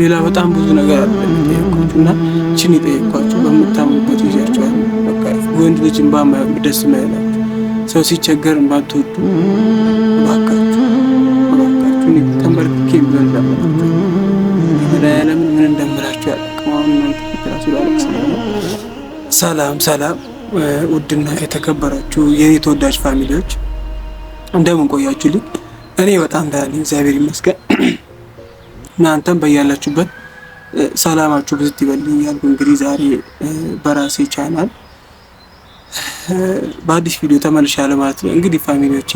ሌላ በጣም ብዙ ነገር አለ የጠየቅኩት እና ችን የጠየቅኳቸው በምታምኑበት ይዣቸዋል። ወንድ ልጅ እንባ ደስ ማይላችሁ ሰው ሲቸገር ባትወዱ እባካችሁ እባካችሁ ተንበርክኬ ምን ያለቅማሁን ሰላም ሰላም፣ ውድና የተከበራችሁ የኔ ተወዳጅ ፋሚሊዎች እንደምን ቆያችሁልኝ እኔ በጣም ዳኒ እግዚአብሔር ይመስገን እናንተም በያላችሁበት ሰላማችሁ ብዝት ይበልኝ እያልኩ እንግዲህ ዛሬ በራሴ ቻናል በአዲስ ቪዲዮ ተመልሻለሁ ማለት ነው። እንግዲህ ፋሚሊዎቼ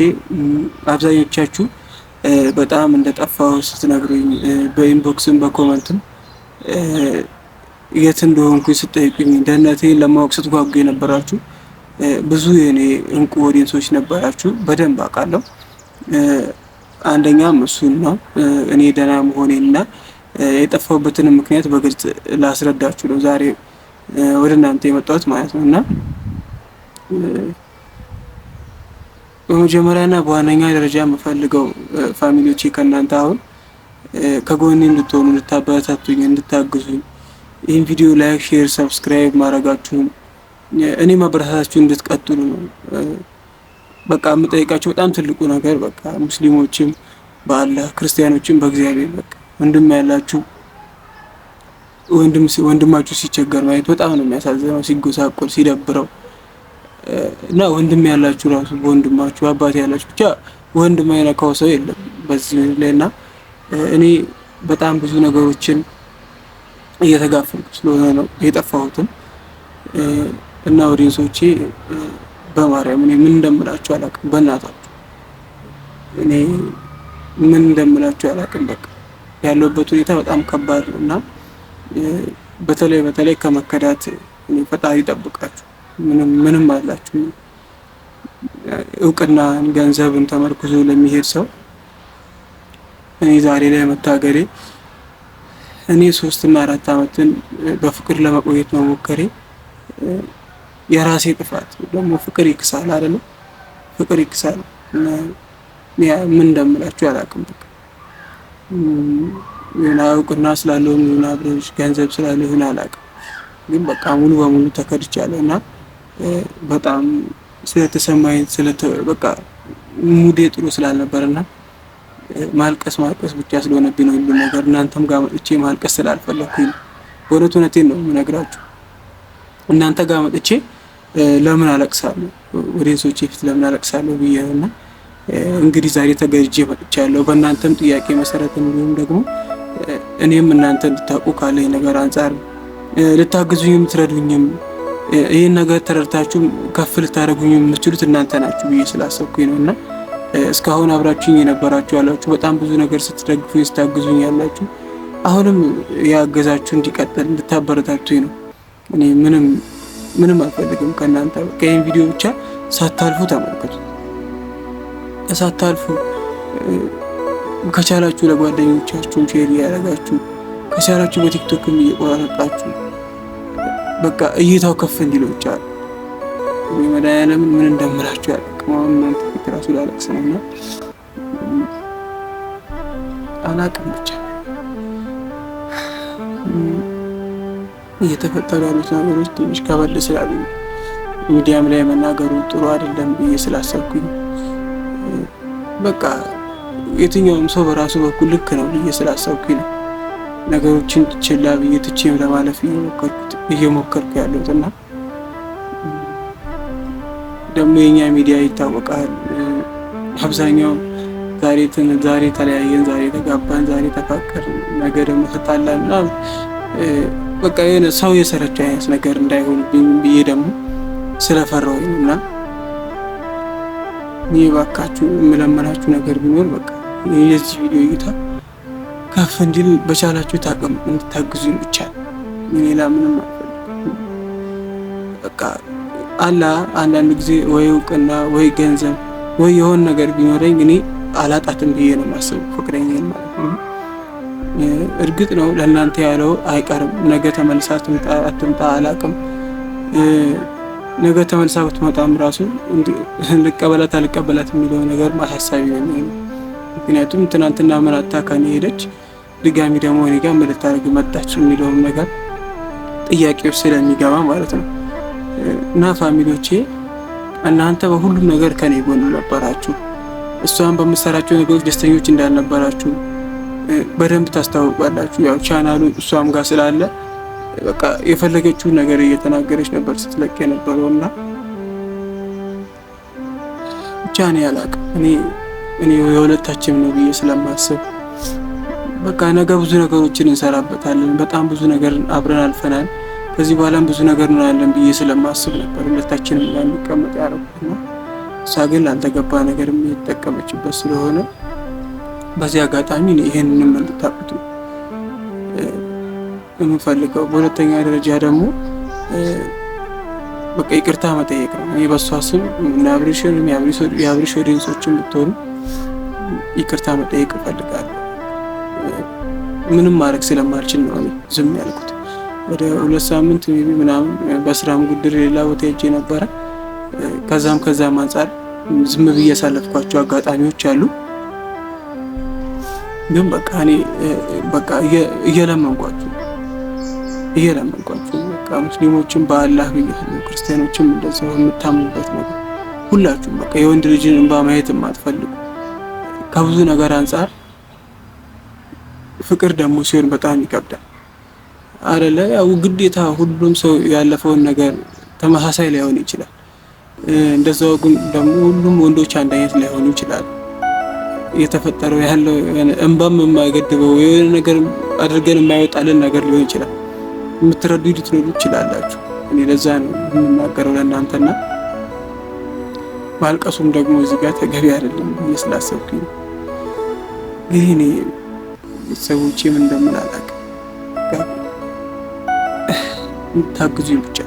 አብዛኞቻችሁ በጣም እንደጠፋው ስትነግሩኝ በኢንቦክስም በኮመንትም የት እንደሆንኩ ስጠይቁኝ ደህንነቴን ለማወቅ ስትጓጉ የነበራችሁ ብዙ የኔ እንቁ ኦዲየንሶች ነበራችሁ። በደንብ አውቃለሁ። አንደኛም እሱን ነው እኔ ደህና እና የጠፋሁበትን ምክንያት በግልጽ ላስረዳችሁ ነው ዛሬ ወደ እናንተ የመጣሁት ማለት ነው። እና በመጀመሪያና በዋነኛ ደረጃ የምፈልገው ፋሚሊዎቼ ከእናንተ አሁን ከጎኔ እንድትሆኑ፣ እንድታበረታቱኝ፣ እንድታግዙኝ ይህን ቪዲዮ ላይክ፣ ሼር፣ ሰብስክራይብ ማድረጋችሁን እኔ ማበረታታችሁን እንድትቀጥሉ ነው በቃ የምጠይቃቸው በጣም ትልቁ ነገር በቃ ሙስሊሞችም በአለ ክርስቲያኖችም በእግዚአብሔር በቃ ወንድም ያላችሁ ወንድማችሁ ሲቸገር ማየት በጣም ነው የሚያሳዝነው። ሲጎሳቆል ሲደብረው እና ወንድም ያላችሁ ራሱ በወንድማችሁ አባት ያላችሁ ብቻ ወንድም አይነካው ሰው የለም በዚህ ላይ እና እኔ በጣም ብዙ ነገሮችን እየተጋፈልኩ ስለሆነ ነው የጠፋሁትም እና ሰዎቼ በማርያም እኔ ምን እንደምላችሁ አላውቅም። በእናታችሁ እኔ ምን እንደምላችሁ አላውቅም። በቃ ያለሁበት ሁኔታ በጣም ከባድ ነው እና በተለይ በተለይ ከመከዳት እኔ ፈጣሪ ይጠብቃችሁ። ምንም ምንም አላችሁ እውቅናን ገንዘብን ተመርኩዞ ለሚሄድ ሰው እኔ ዛሬ ላይ መታገሬ እኔ ሶስትና አራት ዓመትን በፍቅር ለመቆየት መሞከሬ የራሴ ጥፋት ደግሞ ፍቅር ይክሳል አይደለ? ፍቅር ይክሳል። ምን እንደምላችሁ አላውቅም። በቃ የሆነ እውቅና ስላለው የሆነ አብረሽ ገንዘብ ስላለው የሆነ አላውቅም፣ ግን በቃ ሙሉ በሙሉ ተከድቻለሁ እና በጣም ስለተሰማኝ በቃ ሙዴ ጥሩ ስላልነበርና ማልቀስ ማልቀስ ብቻ ስለሆነብኝ ነው ሁሉ ነገር። እናንተም ጋር መጥቼ ማልቀስ ስላልፈለኩኝ በእውነት እውነቴን ነው የምነግራችሁ እናንተ ጋር መጥቼ ለምን አለቅሳለሁ ወደሰዎች ፊት ለምን አለቅሳለሁ ብዬ ነው እና እንግዲህ ዛሬ ተገድጄ መጥቻለሁ። በእናንተም ጥያቄ መሰረት እንዲሁም ደግሞ እኔም እናንተ እንድታውቁ ካለኝ ነገር አንጻር ልታግዙኝ የምትረዱኝም ይህን ነገር ተረድታችሁ ከፍ ልታደረጉኝ የምትችሉት እናንተ ናችሁ ብዬ ስላሰብኩኝ ነው እና እስካሁን አብራችሁኝ የነበራችሁ ያላችሁ በጣም ብዙ ነገር ስትደግፉኝ ስታግዙኝ ያላችሁ አሁንም ያገዛችሁ እንዲቀጥል እንድታበረታቱኝ ነው እኔ ምንም ምንም አልፈልግም ከእናንተ ከይህን ቪዲዮ ብቻ ሳታልፉ ተመልከቱ። ሳታልፉ ከቻላችሁ ለጓደኞቻችሁ ሼር እያደረጋችሁ ከቻላችሁ በቲክቶክም እየቆራረጣችሁ በቃ እይታው ከፍ እንዲለው ይቻላል። መድኃኒዓለምን ምን እንደምላችሁ ያለቅም አሁን እናንተ ፊት ራሱ ላለቅስ ነው እና አላቅም ብቻ እየተፈጠሩ ያሉት ነገሮች ትንሽ ከበድ ስላሉ ሚዲያም ላይ መናገሩ ጥሩ አይደለም ብዬ ስላሰብኩኝ በቃ የትኛውም ሰው በራሱ በኩል ልክ ነው ብዬ ስላሰብኩኝ ነው ነገሮችን ችላ ብዬ ትቼም ለማለፍ እየሞከርኩ ያለሁት እና ደግሞ የኛ ሚዲያ ይታወቃል። አብዛኛው ዛሬ ዛሬ ተለያየን፣ ዛሬ ተጋባን፣ ዛሬ ተፋቀር፣ ነገ ደግሞ ተጣላን ምናምን በቃ ሰው የሰረች አይነት ነገር እንዳይሆንብኝ ብዬ ደግሞ ስለፈራሁኝ እና ይህ እባካችሁ የምለመናችሁ ነገር ቢኖር በቃ የዚህ ቪዲዮ እይታ ከፍ እንዲል በቻላችሁ ታቅም እንድታግዙኝ ብቻ ሌላ ምንም በቃ አላ አንዳንድ ጊዜ ወይ እውቅና ወይ ገንዘብ ወይ የሆን ነገር ቢኖረኝ እኔ አላጣትም ብዬ ነው ማስብ ፍቅረኛ እርግጥ ነው ለእናንተ ያለው አይቀርም። ነገ ተመልሳ አትምጣ አላቅም። ነገ ተመልሳ ብትመጣም ራሱ ልቀበላት አልቀበላት የሚለው ነገር ማሳሳቢ ነው። ምክንያቱም ትናንትና መናታ ከኔ ሄደች፣ ድጋሚ ደግሞ እኔ ጋር ምን ልታደርግ መጣች የሚለውም ነገር ጥያቄዎች ስለሚገባ ማለት ነው። እና ፋሚሊዎቼ እናንተ በሁሉም ነገር ከኔ ጎን ነበራችሁ። እሷን በምሰራቸው ነገሮች ደስተኞች እንዳልነበራችሁ በደንብ ታስታውቃላችሁ። ያው ቻናሉ እሷም ጋር ስላለ በቃ የፈለገችውን ነገር እየተናገረች ነበር ስትለቅ የነበረው እና ብቻ እኔ አላቅም እኔ እኔ የሁለታችን ነው ብዬ ስለማስብ በቃ ነገ ብዙ ነገሮችን እንሰራበታለን። በጣም ብዙ ነገር አብረን አልፈናል። ከዚህ በኋላም ብዙ ነገር እንሆናለን ብዬ ስለማስብ ነበር ሁለታችንም ጋር የሚቀመጥ ያደረኩት ነው። እሷ ግን ላልተገባ ነገር የሚጠቀመችበት ስለሆነ በዚህ አጋጣሚ ይህንን እንድታቁት ነው የምፈልገው። በሁለተኛ ደረጃ ደግሞ በቃ ይቅርታ መጠየቅ ነው። እኔ በእሷ ስም የአብሪሽ ኦዲየንሶችን ብትሆኑ ይቅርታ መጠየቅ እፈልጋለሁ። ምንም ማድረግ ስለማልችል ነው ዝም ያልኩት። ወደ ሁለት ሳምንት ቢ ምናምን በስራም ጉድር ሌላ ቦታ ሄጄ ነበረ። ከዛም ከዛም አንጻር ዝም ብዬ ያሳለፍኳቸው አጋጣሚዎች አሉ። ግን በቃ እኔ በቃ እየለመንኳችሁ እየለመንኳችሁ በቃ ሙስሊሞችን በአላህ ብያለሁ፣ ክርስቲያኖችም እንደዚሁ የምታምኑበት ነገር ሁላችሁም በቃ የወንድ ልጅን እንባ ማየት የማትፈልጉ ከብዙ ነገር አንጻር ፍቅር ደግሞ ሲሆን በጣም ይከብዳል አይደለ? ያው ግዴታ ሁሉም ሰው ያለፈውን ነገር ተመሳሳይ ላይሆን ይችላል። እንደዛው ግን ደግሞ ሁሉም ወንዶች አንድ አይነት ላይሆኑ ይችላል። የተፈጠረው ያለው እንባም የማይገድበው የሆነ ነገር አድርገን የማይወጣልን ነገር ሊሆን ይችላል። የምትረዱ ልትኖሩ ይችላላችሁ። እኔ ለዛ ነው የምናገረው ለእናንተና ማልቀሱም ደግሞ እዚህ ጋር ተገቢ አይደለም ብዬ ስላሰብኩኝ ይህ እኔ ቤተሰቦቼ ምን እንደምን አላውቅም። እንድታግዙኝ ብቻ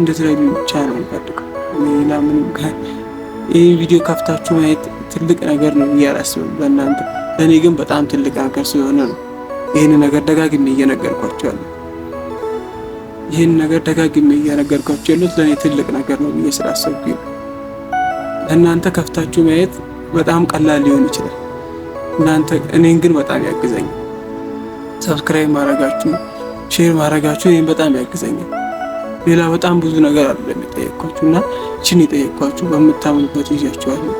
እንደተለያዩ ብቻ ነው የሚፈልገው ሌላ ምንም ይህ ቪዲዮ ከፍታችሁ ማየት ትልቅ ነገር ነው እያላስብ ለእናንተ ለእኔ ግን በጣም ትልቅ ነገር ስለሆነ ነው ይህን ነገር ደጋግሜ እየነገርኳቸው ይህን ነገር ደጋግሜ እየነገርኳቸው ያሉት ለእኔ ትልቅ ነገር ነው ብዬ ስላሰብኩ ለእናንተ ከፍታችሁ ማየት በጣም ቀላል ሊሆን ይችላል። እናንተ እኔን ግን በጣም ያግዘኛል። ሰብስክራይብ ማድረጋችሁ፣ ሼር ማድረጋችሁ ይህን በጣም ያግዘኛል። ሌላ በጣም ብዙ ነገር አለ የጠየቅኳችሁ እና ችን የጠየቅኳችሁ በምታምኑበት ይዣችኋለሁ።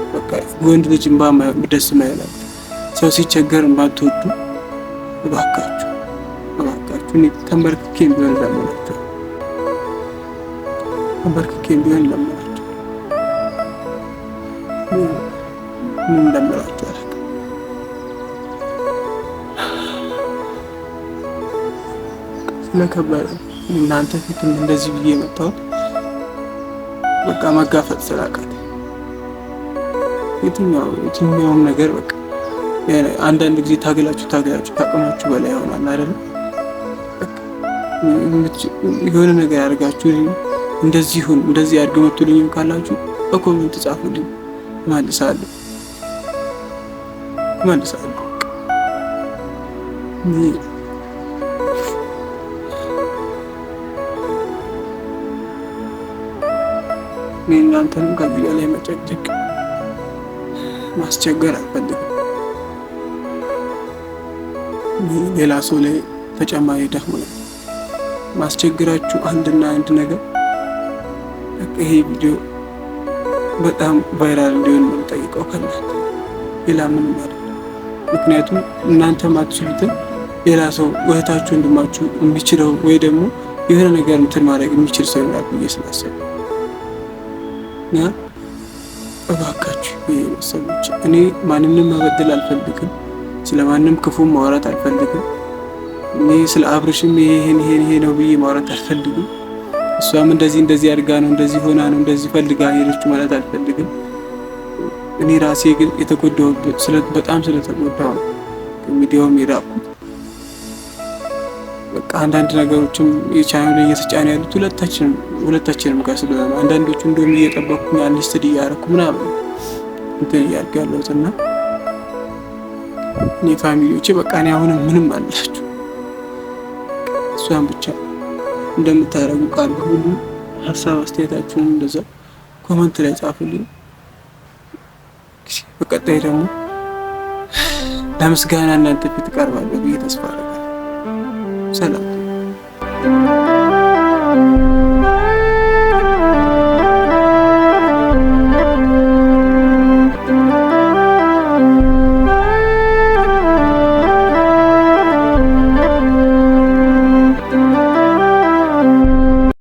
ወንድ ልጅ እንባ ደስ ማይላል። ሰው ሲቸገር እንባ እባካችሁ እባካችሁ ተንበርክኬ ቢሆን ለምናቸው፣ ተንበርክኬ ቢሆን ለምናቸው። ምን እንደምላቸው አላውቅም። ስለከበረ እናንተ ፊትም እንደዚህ ብዬ መጣሁት። በቃ መጋፈጥ ስላቃት የትኛው የትኛውም ነገር በቃ አንዳንድ ጊዜ ታግላችሁ ታግላችሁ ታቅማችሁ በላይ ይሆናል አይደል? የሆነ ነገር ያደርጋችሁ እንደዚህ ሁን እንደዚህ አድርግ መቱልኝም ካላችሁ በኮሜንት ጻፉልኝ፣ እመልሳለሁ እመልሳለሁ። እኔ እናንተንም ከዚህ በላይ መጨጨቅ ማስቸገር አልፈልግም። ሌላ ሰው ላይ ተጨማሪ ደክሞ ነው ማስቸግራችሁ። አንድና አንድ ነገር ይሄ ቪዲዮ በጣም ቫይራል እንዲሆን የምንጠይቀው ከእናንተ ሌላ ምን ማለት ምክንያቱም እናንተ ማትችሉትን ሌላ ሰው እህታችሁ ወንድማችሁ የሚችለው ወይ ደግሞ የሆነ ነገር እንትን ማድረግ የሚችል ሰው ይላል ብዬ ስላሰብ እና እባካችሁ ሰዎች እኔ ማንንም መበደል አልፈልግም፣ ስለ ማንም ክፉ ማውራት አልፈልግም። እኔ ስለ አብርሽም ይሄን ይሄን ይሄ ነው ብዬ ማውራት አልፈልግም። እሷም እንደዚህ እንደዚህ አድጋ ነው እንደዚህ ሆና ነው እንደዚህ ፈልጋ ሄደች ማለት አልፈልግም። እኔ ራሴ ግን የተጎዳሁበት በጣም ስለተጎዳሁ ሚዲያውም የራቁት በቃ አንዳንድ ነገሮችም የቻይና እየተጫነ ያሉት ሁለታችንም ሁለታችንም ጋር ስለሆነ አንዳንዶቹ እንደውም እየጠበቅኩ አንሊስትድ እያደረኩ ምናምን እንትን እያልኩ ያለሁት እና እኔ ፋሚሊዎች በቃ እኔ አሁንም ምንም አላችሁ እሷን ብቻ እንደምታደረጉ ቃል ሁሉ ሀሳብ አስተያየታችሁን እንደዛ ኮመንት ላይ ጻፉልኝ። በቀጣይ ደግሞ ለምስጋና እናንተ ፊት እቀርባለሁ ብዬ ተስፋ 真的。